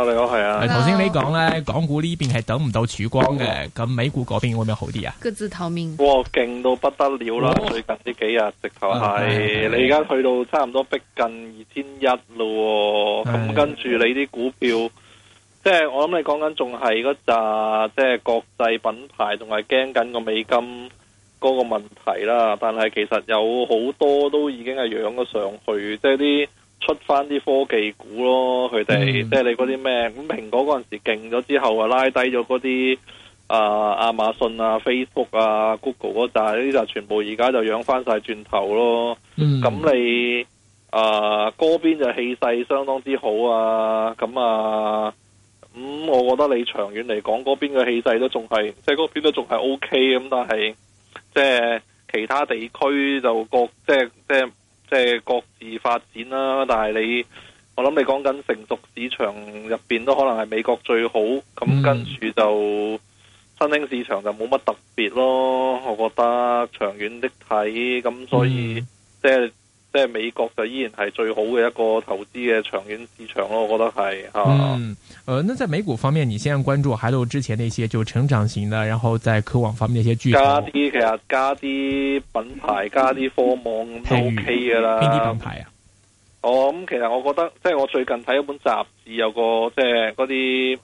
我嚟係啊！頭先你講咧、啊啊，港股呢邊係等唔到曙光嘅，咁、啊、美股嗰邊會唔會好啲啊？各自透明，勁到不得了啦！哦、最近呢幾日直頭係，啊、是是是是你而家去到差唔多逼近二千一咯，咁、啊嗯、跟住你啲股票，即係我諗你講緊仲係嗰扎，即係國際品牌，仲係驚緊個美金嗰個問題啦。但係其實有好多都已經係養咗上去，即係啲。出翻啲科技股咯，佢哋、嗯、即係你嗰啲咩咁？蘋、嗯、果嗰陣時勁咗之後啊，拉低咗嗰啲啊，亞、呃、馬遜啊、Facebook 啊、Google 嗰扎，呢扎全部而家就養翻晒轉頭咯。咁、嗯、你啊，嗰邊就氣勢相當之好啊。咁、嗯、啊，咁我覺得你長遠嚟講，嗰邊嘅氣勢都仲係，即係嗰邊都仲係 OK 咁。但係即係其他地區就覺即係即係。即係各自發展啦，但係你，我諗你講緊成熟市場入邊都可能係美國最好，咁、嗯、跟住就新興市場就冇乜特別咯。我覺得長遠的睇，咁所以即係。嗯即係即係美國就依然係最好嘅一個投資嘅長遠市場咯，我覺得係吓。啊、嗯，誒、呃，那在美股方面，你現在關注還有之前啲些就成長型嘅，然後在科網方面啲巨頭。加啲其實加啲品牌，加啲科網、嗯、都 OK 噶啦。邊啲品牌啊？哦，咁、嗯、其實我覺得即係我最近睇一本雜誌，有個即係嗰啲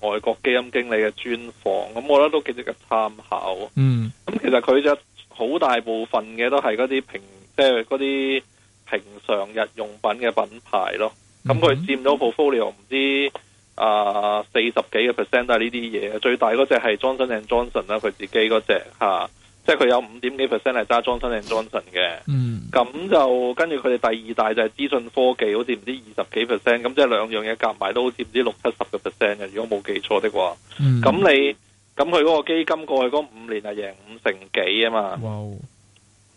誒外國基金經理嘅專訪，咁、嗯、我覺得都幾值得參考。嗯。咁、嗯、其實佢就好大部分嘅都係嗰啲平。即係嗰啲平常日用品嘅品牌咯，咁佢佔咗 portfolio 唔知，呃，啊四十幾個 percent 都係呢啲嘢，最大嗰隻係 Johnson & Johnson 啦，佢自己嗰隻吓，即係佢有五點幾 percent 係揸 Johnson & Johnson 嘅。嗯，咁就跟住佢哋第二大就係資訊科技，好似唔知二十幾 percent，咁即係兩樣嘢夾埋都好似唔知六七十個 percent 嘅，如果冇記錯的話。嗯、咁，嗯嗯、你咁佢嗰個基金過去嗰五年係贏五成幾啊嘛。哇！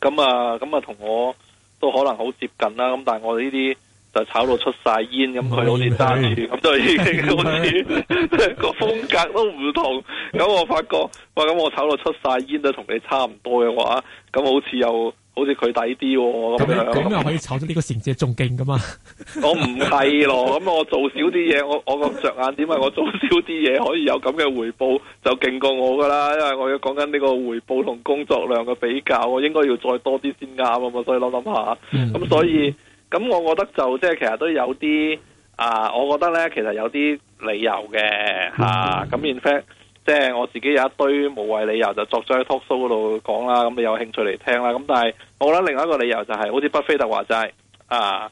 咁啊，咁啊、嗯，同、嗯嗯嗯嗯、我都可能好接近啦。咁但係我哋呢啲就炒到出晒煙，咁佢好似揸住，咁就已經好似個風格都唔同。咁、嗯、 我發覺，哇！咁我炒到出晒煙都同你差唔多嘅話，咁好似又～好似佢抵啲咁樣，咁又樣可以炒到呢個成績仲勁噶嘛？我唔係咯，咁我，我做少啲嘢，我我個著眼點係我做少啲嘢可以有咁嘅回報就勁過我噶啦？因為我要講緊呢個回報同工作量嘅比較，我應該要再多啲先啱啊嘛！所以諗諗下，咁、嗯、所以咁，我覺得就即係其實都有啲啊，我覺得咧其實有啲理由嘅吓，咁 in fact。啊即係我自己有一堆無謂理由，就作咗喺 talk show 嗰度講啦。咁你有興趣嚟聽啦。咁但係我諗另外一個理由就係，好似北非特話齋係啊，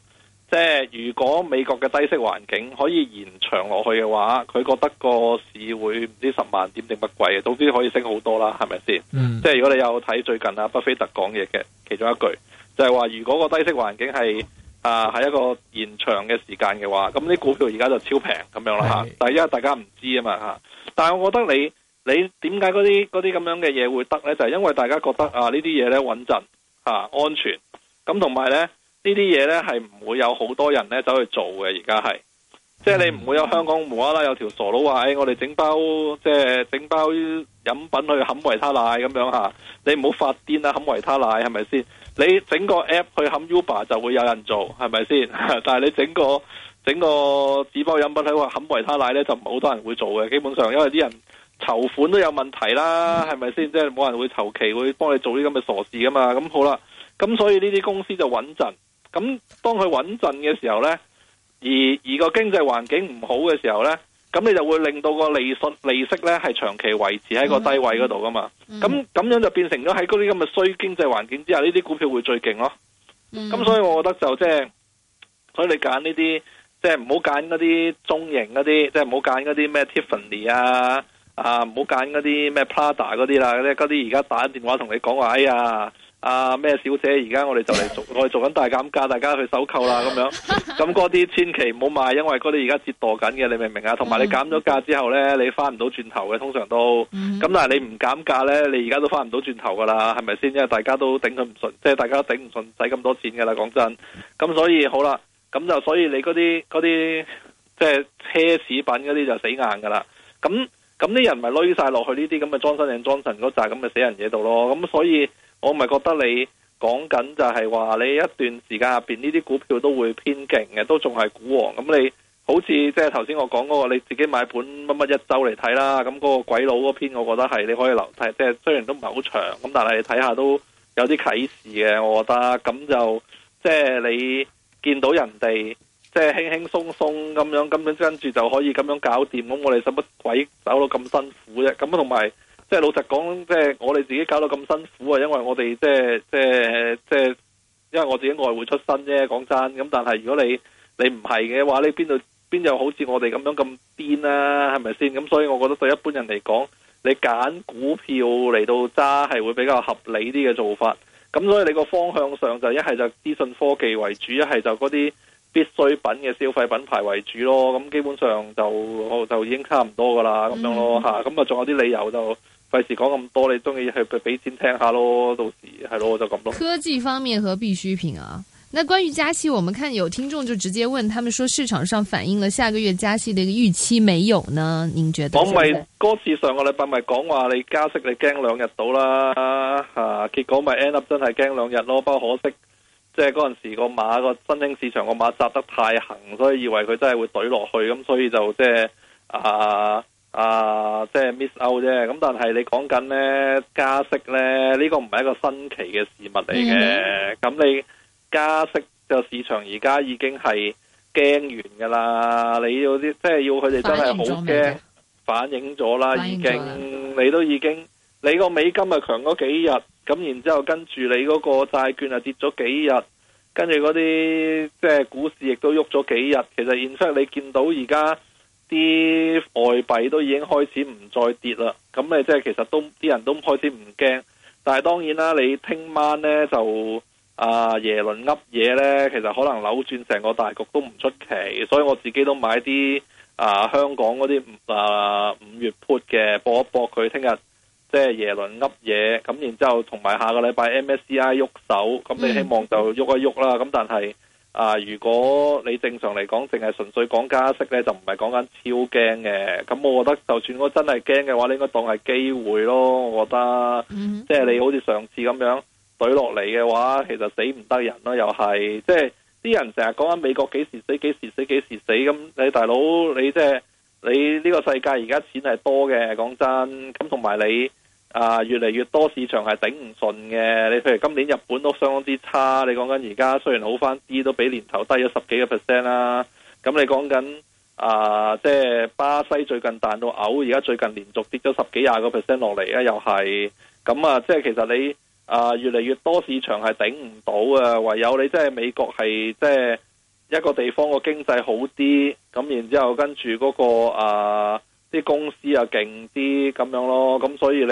即係如果美國嘅低息環境可以延長落去嘅話，佢覺得個市會唔知十萬點定乜鬼啊，總之可以升好多啦，係咪先？即係、mm. 如果你有睇最近啊，北非特講嘢嘅其中一句，就係、話如果個低息環境係啊係一個延長嘅時間嘅話，咁啲股票而家就超平咁樣啦吓。但係、mm. 因為大家唔知啊嘛吓。但係我覺得你你點解嗰啲嗰啲咁樣嘅嘢會得呢？就係、是、因為大家覺得啊呢啲嘢呢穩陣吓安全，咁同埋呢呢啲嘢呢，係唔會有好多人呢走去做嘅。而家係即係你唔會有香港無啦啦有條傻佬話、哎、我哋整包即係整包飲品去冚維他奶咁樣吓、啊，你唔好發癲啦、啊！冚維他奶係咪先？你整個 app 去冚 Uber 就會有人做係咪先？但係你整個。整個紙包飲品喺話肯維他奶咧就唔係好多人會做嘅，基本上因為啲人籌款都有問題啦，係咪先？即係冇人會求其會幫你做啲咁嘅傻事噶嘛。咁好啦，咁所以呢啲公司就穩陣。咁當佢穩陣嘅時候咧，而而個經濟環境唔好嘅時候咧，咁你就會令到個利息利息咧係長期維持喺個低位嗰度噶嘛。咁咁、嗯、樣就變成咗喺嗰啲咁嘅衰經濟環境之下，呢啲股票會最勁咯。咁、嗯、所以我覺得就即係、就是，所以你揀呢啲。即係唔好揀嗰啲中型嗰啲，即係唔好揀嗰啲咩 Tiffany 啊，啊唔好揀嗰啲咩 Prada 嗰啲啦，嗰啲而家打電話同你講話，哎呀，啊咩小姐，而家我哋就嚟做， 我哋做緊大減價，大家去收購啦咁樣，咁嗰啲千祈唔好買，因為嗰啲而家折墮緊嘅，你明唔明啊？同埋你減咗價之後呢，你翻唔到轉頭嘅，通常都。咁但係你唔減價呢，你而家都翻唔到轉頭噶啦，係咪先？因為大家都頂佢唔順，即係大家都頂唔順，使咁多錢噶啦，講真。咁所以好啦。咁就所以你嗰啲嗰啲即係奢侈品嗰啲就死硬噶啦。咁咁啲人咪攞晒，落去呢啲咁嘅裝飾定裝神嗰扎咁嘅死人嘢度咯。咁所以我咪覺得你講緊就係話你一段時間入邊呢啲股票都會偏勁嘅，都仲係股王。咁你好似即係頭先我講嗰、嗰個你自己買盤乜乜一周嚟睇啦。咁嗰個鬼佬嗰篇我、就是，我覺得係你可以留睇。即係雖然都唔係好長，咁但係你睇下都有啲啟示嘅。我覺得咁就即、是、係你。見到人哋即係輕輕鬆鬆咁樣，咁樣跟住就可以咁樣搞掂，咁我哋使乜鬼走到咁辛苦啫？咁同埋即係老實講，即係我哋自己搞到咁辛苦啊，因為我哋即係即係即係，因為我自己外匯出身啫，講真。咁但係如果你你唔係嘅話，你邊度邊有好似我哋咁樣咁癲啊？係咪先？咁所以我覺得對一般人嚟講，你揀股票嚟到揸係會比較合理啲嘅做法。咁所以你個方向上就一係就資訊科技為主，一係就嗰啲必需品嘅消費品牌為主咯。咁基本上就就已經差唔多噶啦，咁、嗯、樣咯吓。咁啊，仲有啲理由就費事講咁多，你中意去俾錢聽下咯，到時係咯就咁咯。咯科技方面和必需品啊。那關於加息，我們看有聽眾就直接問，他們說市場上反映了下個月加息的一個預期沒有呢？您覺得是不是？我咪嗰次上個禮拜咪講話你加息你驚兩日到啦吓，結果咪 end up 真係驚兩日咯。不過可惜，即係嗰陣時個馬個新興市場個馬扎得太行，所以以為佢真係會懟落去，咁所以就即係啊啊，即係 miss out 啫。咁但係你講緊呢加息呢，呢、呢個唔係一個新奇嘅事物嚟嘅，咁、mm hmm。你。加息嘅市場而家已經係驚完噶啦，你要啲即係要佢哋真係好驚，反映咗啦。已經反映咗啦，你都已經你個美金咪強咗幾日，咁然之後跟住你嗰個債券啊跌咗幾日，跟住嗰啲即係股市亦都喐咗幾日。其實現出你見到而家啲外幣都已經開始唔再跌啦，咁你即係其實都啲人都開始唔驚。但係當然啦，你聽晚呢就。啊，耶倫噏嘢呢，其實可能扭轉成個大局都唔出奇，所以我自己都買啲啊香港嗰啲啊五月 put 嘅，搏一搏佢聽日即係耶倫噏嘢，咁然之後同埋下個禮拜 MSCI 喐手，咁你希望就喐一喐啦。咁但係啊，如果你正常嚟講，淨係純粹講加息呢，就唔係講緊超驚嘅。咁我覺得就算我真係驚嘅話，你應該當係機會咯。我覺得即係你好似上次咁樣。水落嚟嘅話，其實死唔得人咯，又係即係啲人成日講緊美國幾時死幾時死幾時死咁。你大佬，你即係你呢個世界而家錢係多嘅，講真。咁同埋你啊、呃，越嚟越多市場係頂唔順嘅。你譬如今年日本都相當之差，你講緊而家雖然好翻啲，都比年頭低咗十幾個 percent 啦。咁你講緊啊，即係巴西最近彈到嘔，而家最近連續跌咗十幾廿個 percent 落嚟啊，又係咁啊，即係其實你。啊，越嚟越多市場係頂唔到啊，唯有你即係美國係即係一個地方個經濟好啲，咁然之後跟住嗰個啊啲公司啊勁啲咁樣咯，咁所以你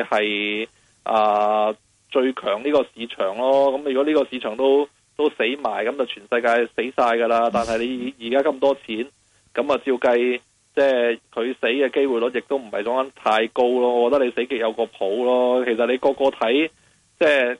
係啊最強呢個市場咯。咁如果呢個市場都都死埋，咁就全世界死晒噶啦。但係你而家咁多錢，咁啊照計，即係佢死嘅機會率亦都唔係講緊太高咯。我覺得你死極有個譜咯。其實你個個睇。即係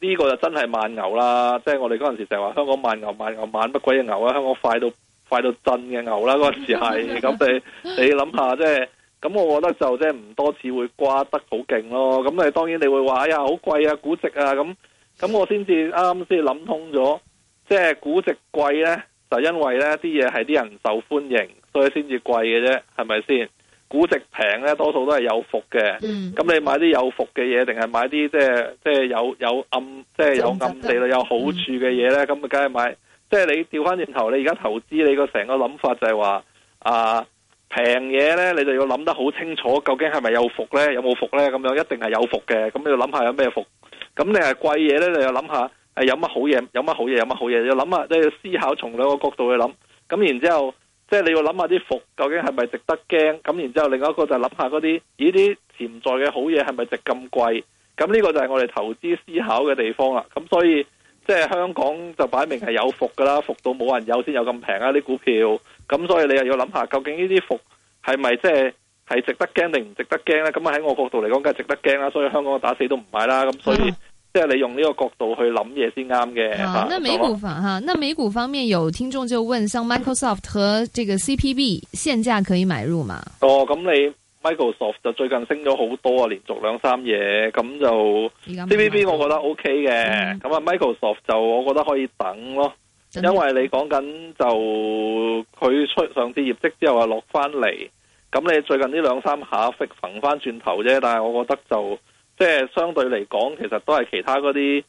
呢個就真係慢牛啦！即係我哋嗰陣時成日話香港慢牛、慢牛、慢乜鬼嘅牛啦，香港快到快到震嘅牛啦，嗰陣時係咁 你你諗下，即係咁我覺得就即係唔多次會瓜得好勁咯。咁你當然你會話、哎、呀，好貴啊，估值啊，咁咁我先至啱啱先諗通咗，即係估值貴呢，就因為呢啲嘢係啲人受歡迎，所以先至貴嘅啫，係咪先？估值平咧，多數都係有伏嘅。咁、嗯、你買啲有伏嘅嘢，定係買啲即係即係有有暗即係、即係、有暗地裏有好處嘅嘢咧？咁、嗯就是、啊，梗係買。即係你調翻轉頭，你而家投資你個成個諗法就係話啊，平嘢咧，你就要諗得好清楚，究竟係咪有伏咧？有冇伏咧？咁樣一定係有伏嘅。咁你要諗下有咩伏。咁你係貴嘢咧，你要諗下係有乜好嘢？有乜好嘢？有乜好嘢？好，你要諗下即係你要思考從兩個角度去諗。咁然之後。即係你要諗下啲伏究竟係咪值得驚？咁然之後，另外一個就諗下嗰啲咦，啲潛在嘅好嘢係咪值咁貴？咁、這、呢個就係我哋投資思考嘅地方啦。咁所以即係香港就擺明係有伏噶啦，伏到冇人有先有咁平啊啲股票。咁所以你又要諗下究竟呢啲伏係咪即係係值得驚定唔值得驚咧？咁啊喺我角度嚟講，梗係值得驚啦。所以香港打死都唔買啦。咁所以。嗯即係你用呢個角度去諗嘢先啱嘅。啊，美股方哈、啊，嗱美股方面有聽眾就問，像 Microsoft 和這個 CPB 現價可以買入嘛？哦，咁你 Microsoft 就最近升咗好多啊，連續兩三嘢，咁就 CPB 我覺得 OK 嘅。咁啊、嗯、，Microsoft 就我覺得可以等咯，的因為你講緊就佢出上次業績之後啊落翻嚟，咁你最近呢兩三下揈翻轉頭啫，但係我覺得就。即係相對嚟講，其實都係其他嗰啲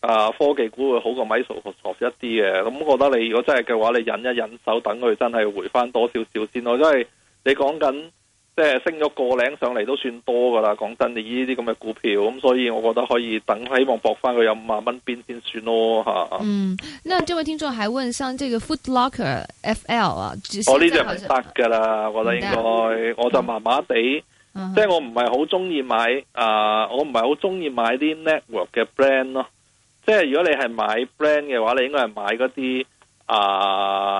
啊科技股會好過 Microsoft 一啲嘅。咁、嗯、我覺得你如果真係嘅話，你忍一忍手，等佢真係回翻多少少先咯。因為你講緊即係升咗個領上嚟都算多噶啦。講真，你呢啲咁嘅股票，咁、嗯、所以我覺得可以等，希望搏翻佢有五萬蚊邊先算咯吓。啊、嗯，呢位聽眾還問上這個 Footlocker FL 啊，我呢隻唔得噶啦，我覺得應該，然我就麻麻地、嗯。嗯 即係我唔係好中意買啊、呃！我唔係好中意買啲 network 嘅 brand 咯。即係如果你係買 brand 嘅話，你應該係買啲啊、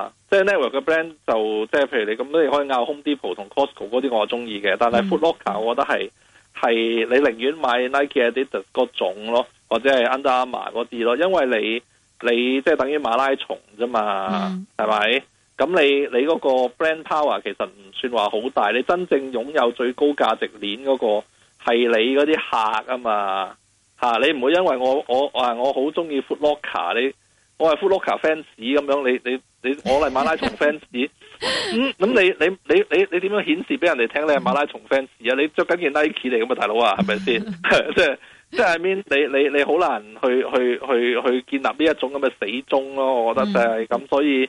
呃就是。即係 network 嘅 brand 就即係譬如你咁多，你可以拗 Home Depot 同 Costco 啲，我中意嘅。但係 Foot Locker，我覺得係係、嗯、你寧願買 Nike 啲個種咯，或者係 Under Armour 啲咯，因為你你即係等於馬拉松啫嘛，係咪、嗯？咁你你嗰個 brand power 其實唔算話好大，你真正擁有最高價值鏈嗰個係你嗰啲客嘛啊嘛嚇！你唔會因為我我啊我好中意 Footlocker 你，我係 Footlocker fans 咁樣你你你我係馬拉松 fans，咁、嗯、咁你你你你你點樣顯示俾人哋聽你係馬拉松 fans 啊？你着緊件 Nike 嚟咁啊大佬啊係咪先？即係即係 I mean 你你你好難去去去去建立呢一種咁嘅死忠咯，我覺得就係咁，所以。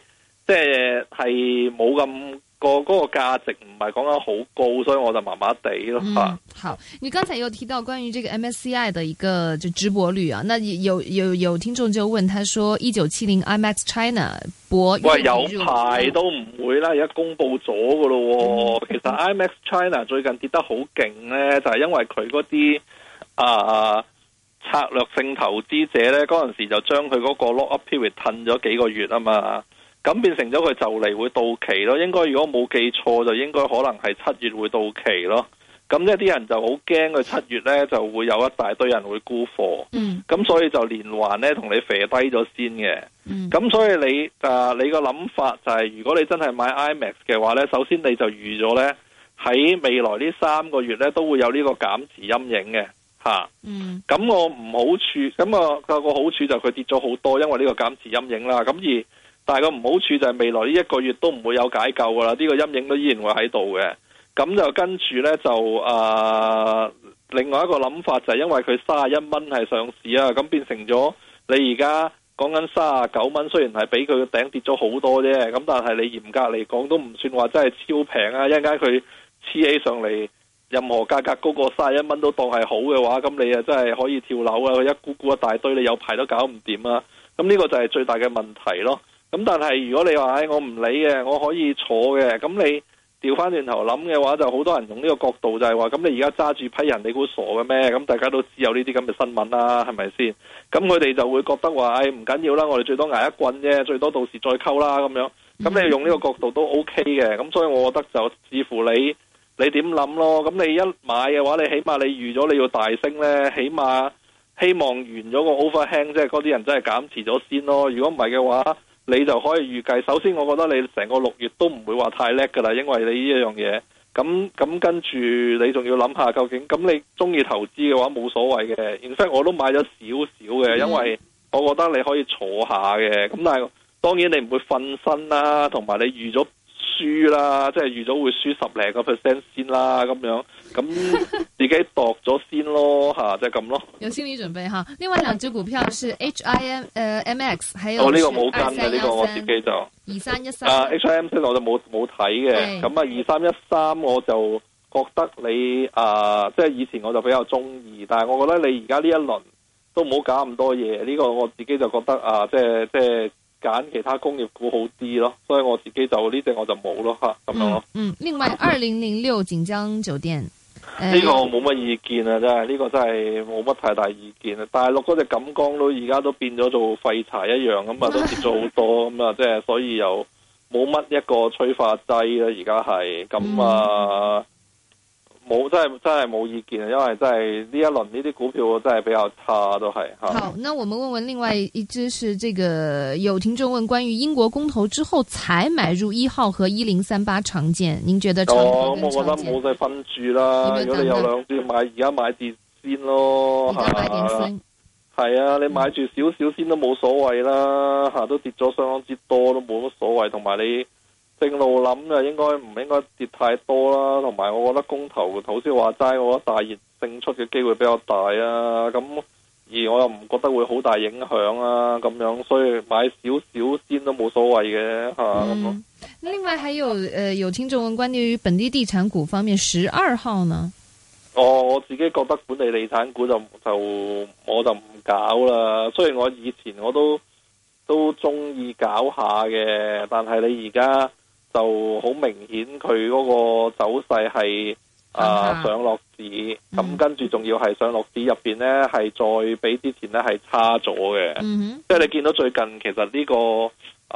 即係冇咁個嗰個價值，唔係講得好高，所以我就麻麻地咯吓、嗯。好，你剛才又提到關於這個 MSCI 嘅一個就直播率啊，那有有有，有聽眾就問，他說 China,：一九七零 IMAX China 博喂有排都唔會啦，而家公布咗噶咯。 其實 IMAX China 最近跌得好勁咧，就係、是、因為佢嗰啲啊策略性投資者咧嗰陣時就將佢嗰個 lock up period 褪咗幾個月啊嘛。咁變成咗佢就嚟會到期咯，應該如果冇記錯，就應該可能係七月會到期咯。咁呢啲人就好驚，佢七月呢就會有一大堆人會沽貨。咁、嗯、所以就連環呢同你撇低咗先嘅。咁、嗯、所以你啊，你個諗法就係、是，如果你真係買 IMAX 嘅話呢，首先你就預咗呢，喺未來呢三個月呢都會有呢個減持陰影嘅嚇。咁、啊嗯、我唔好處，咁、那、啊個好處就佢跌咗好多，因為呢個減持陰影啦。咁而但係個唔好處就係未來呢一個月都唔會有解救噶啦，呢、這個陰影都依然會喺度嘅。咁就跟住呢，就誒、呃，另外一個諗法就係因為佢三十一蚊係上市啊，咁變成咗你而家講緊三十九蚊，雖然係比佢個頂跌咗好多啫，咁但係你嚴格嚟講都唔算話真係超平啊。一陣間佢黐起上嚟，任何價格高過三十一蚊都當係好嘅話，咁你啊真係可以跳樓啊！佢一股股一大堆，你有排都搞唔掂啊！咁呢個就係最大嘅問題咯。咁但係如果你話唉、哎、我唔理嘅，我可以坐嘅，咁、嗯、你調返轉頭諗嘅話，就好多人用呢個角度就係話，咁、嗯、你而家揸住批人，你估傻嘅咩？咁、嗯、大家都知有呢啲咁嘅新聞啦、啊，係咪先？咁佢哋就會覺得話，唉唔緊要啦，我哋最多捱一棍啫，最多到時再溝啦咁樣。咁、嗯、你用呢個角度都 OK 嘅，咁、嗯、所以我覺得就視乎你你點諗咯。咁、嗯、你一買嘅話，你起碼你預咗你要大升呢，起碼希望完咗個 overhang 即係嗰啲人真係減持咗先咯。如果唔係嘅話，你就可以預計，首先我覺得你成個六月都唔會話太叻㗎啦，因為你呢一樣嘢。咁咁跟住，你仲要諗下究竟，咁你鍾意投資嘅話冇所謂嘅。然之後我都買咗少少嘅，因為我覺得你可以坐下嘅。咁但係當然你唔會瞓身啦，同埋你預咗，輸啦，即係預咗會輸十零個 percent 先啦，咁樣咁自己度咗先咯。吓，即係咁咯。有心理準備吓。另外兩隻股票是 H I M 誒 M X，還有二三一三。我呢個冇跟嘅呢、這個，我自己就二三一三。啊 23 13,、uh, H I M 先，我就冇冇睇嘅。咁啊，二三一三， 我就覺得你啊，uh, 即係以前我就比較中意，但係我覺得你而家呢一輪都唔好搞咁多嘢。呢、這個我自己就覺得啊、uh,，即係即係。揀其他工業股好啲咯，所以我自己就呢隻我就冇咯，吓，咁樣咯嗯。嗯，另外二零零六錦江酒店呢 個我冇乜意見啊，真係呢、這個真係冇乜太大意見啊。大陸嗰隻錦江都而家都變咗做廢柴一樣咁啊，都跌咗好多咁啊，即係、 嗯就是、所以又冇乜一個催化劑啦。而家係咁啊。嗯冇真係真係冇意見啊，因為真係呢一輪呢啲股票真係比較差都係吓。啊、好，那我們問問另外一隻是這個有聽眾問關於英國公投之後才買入一號和一零三八長建，您覺得哦，我覺得冇使分住啦。等等如果你有兩支買，而家買跌先咯，係啊，係啊，啊，你買住少少先都冇所謂啦，吓、嗯啊、都跌咗相當之多都冇乜所謂，同埋你。正路諗就應該唔應該跌太多啦，同埋我覺得公投，頭先話齋，我覺得大熱勝出嘅機會比較大啊。咁而我又唔覺得會好大影響啊，咁樣所以買少少先都冇所謂嘅，係、啊、咁、嗯、樣另外還有誒、呃、有聽眾問關於本地地產股方面，十二號呢？我、哦、我自己覺得本地地產股就就我就唔搞啦。雖然我以前我都都中意搞下嘅，但係你而家。就好明顯，佢嗰個走勢係啊上落市，咁、嗯、跟住仲要係上落市入邊咧，係再比之前咧係差咗嘅。即係、嗯、你見到最近，其實呢、這個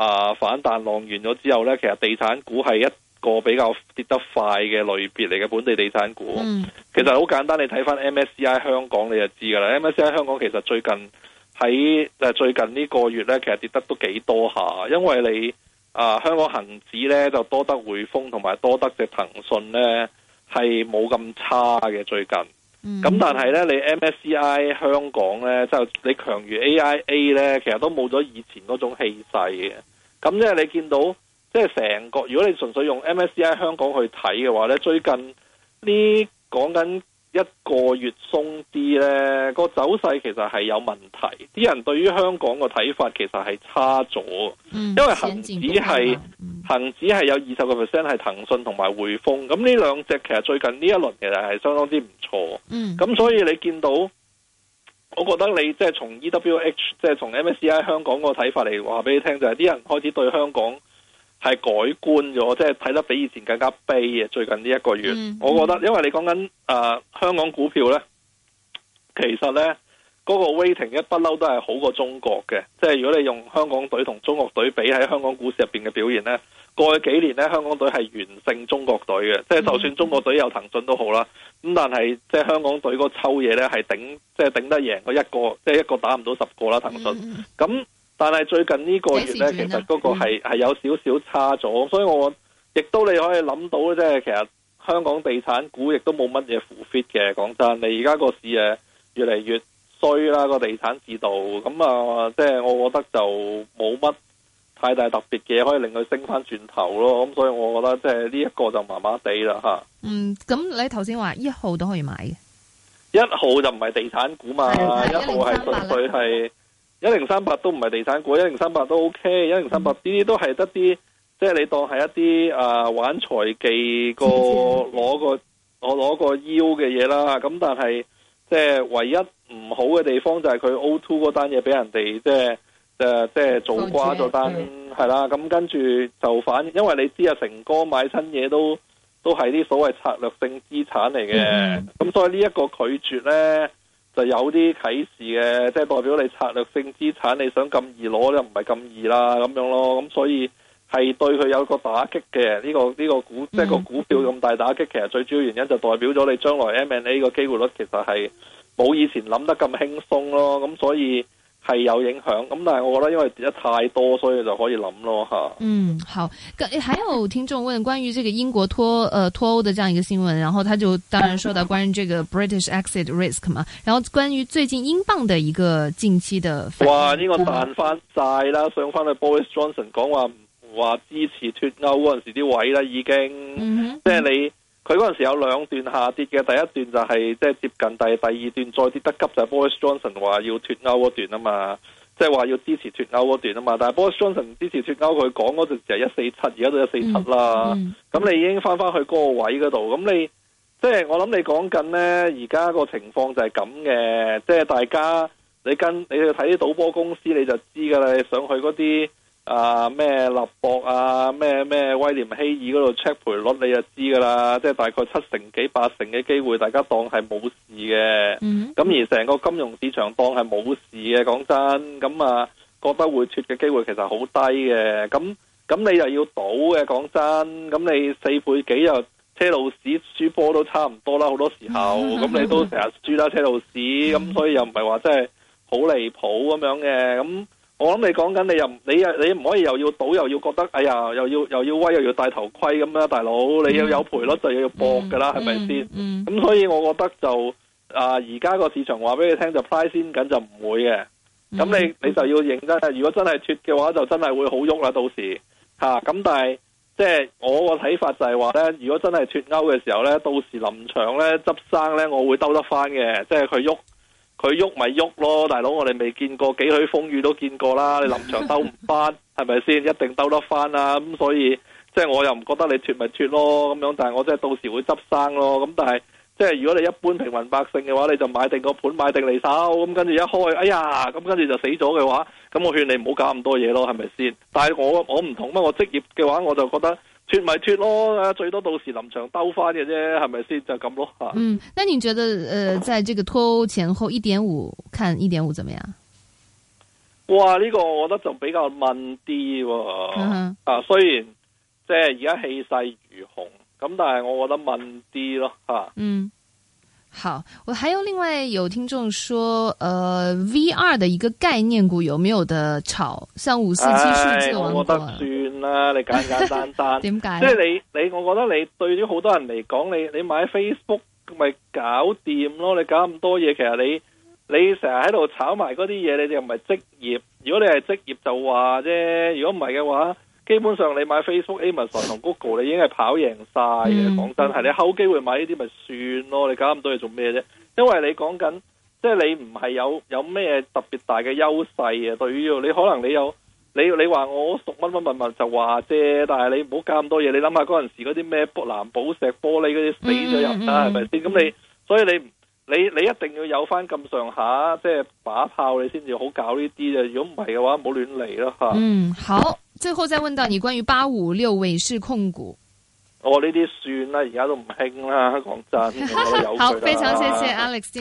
啊、呃、反彈浪完咗之後咧，其實地產股係一個比較跌得快嘅類別嚟嘅本地地產股。嗯、其實好簡單，你睇翻 MSCI 香港你就知㗎喇。MSCI 香港其實最近喺誒、呃、最近呢個月咧，其實跌得都幾多下，因為你。啊，香港恒指咧就多得匯豐同埋多得嘅騰訊咧係冇咁差嘅，最近，咁、mm hmm. 但係咧你 MSCI 香港咧即係、你強如 AIA 咧，其實都冇咗以前嗰種氣勢嘅。咁即係你見到即係成個，如果你純粹用 MSCI 香港去睇嘅話咧，最近呢講緊。一個月鬆啲呢，個走勢其實係有問題。啲人對於香港個睇法其實係差咗，嗯、因為恒指係恒、嗯、指係有二十個 percent 係騰訊同埋匯豐。咁呢兩隻其實最近呢一輪其實係相當之唔錯。咁、嗯、所以你見到，我覺得你即係從 EWH 即係從 MSCI 香港個睇法嚟，話俾你聽，就係啲人開始對香港。係改觀咗，即係睇得比以前更加悲嘅。最近呢一個月，嗯嗯、我覺得，因為你講緊誒香港股票呢，其實呢嗰、那個 rating 一不嬲都係好過中國嘅。即、就、係、是、如果你用香港隊同中國隊比喺香港股市入邊嘅表現呢，過去幾年呢，香港隊係完勝中國隊嘅。即、就、係、是、就算中國隊有騰訊都好啦，咁、嗯、但係即係香港隊嗰抽嘢呢，係頂，即係頂得贏個一個，即、就、係、是、一個打唔到十個啦騰訊咁。但係最近呢個月咧，呢其實嗰個係係、嗯、有少少差咗，所以我亦都你可以諗到即係其實香港地產股亦都冇乜嘢 full fit 嘅。講真，你而家個市誒越嚟越衰啦，個地產市道咁啊，即係、呃就是、我覺得就冇乜太大特別嘅可以令佢升翻轉頭咯。咁所以我覺得即係呢一個就麻麻地啦吓。啊、嗯，咁你頭先話一號都可以買嘅，一號就唔係地產股嘛，一的號係純粹係。10 38 是一零三八都唔係地產股，OK，一零三八都 O K，一零三八呢啲都係得啲，即、就、係、是、你當係一啲誒、啊、玩財技個攞個我攞個腰嘅嘢啦。咁但係即係唯一唔好嘅地方就係佢 O two 嗰單嘢俾人哋即係即即係做瓜咗單，係啦、嗯。咁對跟住就反，因為你知啊，成哥買新嘢都都係啲所謂策略性資產嚟嘅。咁所以呢一個拒絕咧。.就有啲啟示嘅，即係代表你策略性資產，你想咁易攞，又唔係咁易啦咁樣咯。咁、嗯、所以係對佢有個打擊嘅。呢個呢個股即係個股票咁大打擊，其實最主要原因就代表咗你將來 M&A 個機會率其實係冇以前諗得咁輕鬆咯。咁、嗯、所以。係有影響咁，但係我覺得因為跌得太多，所以就可以諗咯吓。嗯，好，咁還有聽眾問關於這個英國脱，呃，脱歐的這樣一個新聞，然後他就當然說到關於這個 British Exit Risk 嘛，然後關於最近英鎊的一個近期的。哇！呢個彈翻晒啦，啊、上翻去 Boris Johnson 講話，話支持脱歐嗰陣時啲位啦，已經，嗯、哼即係你。佢嗰陣時有兩段下跌嘅，第一段就係即係接近第，但第二段再跌得急就係、是、Boris Johnson 話要脱歐嗰段啊嘛，即係話要支持脱歐嗰段啊嘛。但係 Boris Johnson 支持脱歐，佢講嗰陣就一四七，而家都一四七啦。咁、嗯嗯、你已經翻翻去嗰個位嗰度，咁你即係、就是、我諗你講緊咧，而家個情況就係咁嘅，即、就、係、是、大家你跟你去睇啲賭波公司你就知噶啦，你上去嗰啲。啊咩立博啊咩咩威廉希爾嗰度 check 賠率你就知㗎喇，即、就、係、是、大概七成幾八成嘅機會，大家當係冇事嘅。咁、mm hmm. 而成個金融市場當係冇事嘅，講真，咁啊覺得會脫嘅機會其實好低嘅。咁咁你又要賭嘅，講真，咁你四倍幾又車路士輸波都差唔多啦，好多時候，咁、mm hmm. 你都成日輸啦車路士，咁、mm hmm. 所以又唔係話真係好離譜咁樣嘅，咁。我諗你講緊你又你又你唔可以又要賭，又要覺得哎呀又要又要威又要戴頭盔咁樣，大佬你要有賠率就要搏㗎啦，係咪先？咁、嗯嗯、所以我覺得就啊，而家個市場話俾你聽就 price 先緊就唔會嘅，咁、嗯、你你就要認真。如果真係脱嘅話，就真係會好喐啦，到時吓咁、啊。但係即係我個睇法就係話咧，如果真係脱歐嘅時候咧，到時臨場咧執生咧，我會兜得翻嘅，即係佢喐。佢喐咪喐咯，大佬，我哋未見過幾許風雨都見過啦。你臨場兜唔翻，係咪先？一定兜得翻啊。咁、嗯、所以即係我又唔覺得你脫咪脫咯，咁樣，但係我真係到時會執生咯。咁但係即係如果你一般平民百姓嘅話，你就買定個盤買定離手。咁跟住一開，哎呀，咁跟住就死咗嘅話，咁我勸你唔好搞咁多嘢咯，係咪先？但係我我唔同，乜我職業嘅話，我就覺得。脫咪脫咯，最多到時臨場兜翻嘅啫，係咪先？就咁咯。嗯，那你覺得，誒、呃，在這個脫歐前後一點五，看一點五怎麼樣？哇，呢、這個我覺得就比較悶啲，啊，雖然即係而家氣勢如虹，咁但係我覺得悶啲咯，吓、啊。嗯。好，我還有另外有聽眾說，呃，VR 的一個概念股有沒有得炒？像五四七數這玩我覺得算啦，你簡簡單單。點解 麼？即係你你，我覺得你對於好多人嚟講，你你買 Facebook 咪搞掂咯？你搞咁多嘢，其實你你成日喺度炒埋嗰啲嘢，你哋又唔係職業。如果你係職業就話啫，如果唔係嘅話。基本上你買 Facebook、Amazon 同 Google，你已經係跑贏晒嘅。講、嗯、真係，你好機會買呢啲咪算咯。你搞咁多嘢做咩啫？因為你講緊，即係你唔係有有咩特別大嘅優勢啊。對於你可能你有你你話我熟乜乜物物就話啫。但係你唔好搞咁多嘢。你諗下嗰陣時嗰啲咩卜藍寶石玻璃嗰啲死咗人啦，係咪先？咁吧、嗯、你所以你你你一定要有翻咁上下，即係把炮你先至好搞呢啲嘅。如果唔係嘅話，唔好亂嚟咯吓。嗯，好。最後再問到你關於八五六偉仕控股，哦，呢啲算啦，而家 都唔興啦，講真。好，非常謝謝 Alex 先。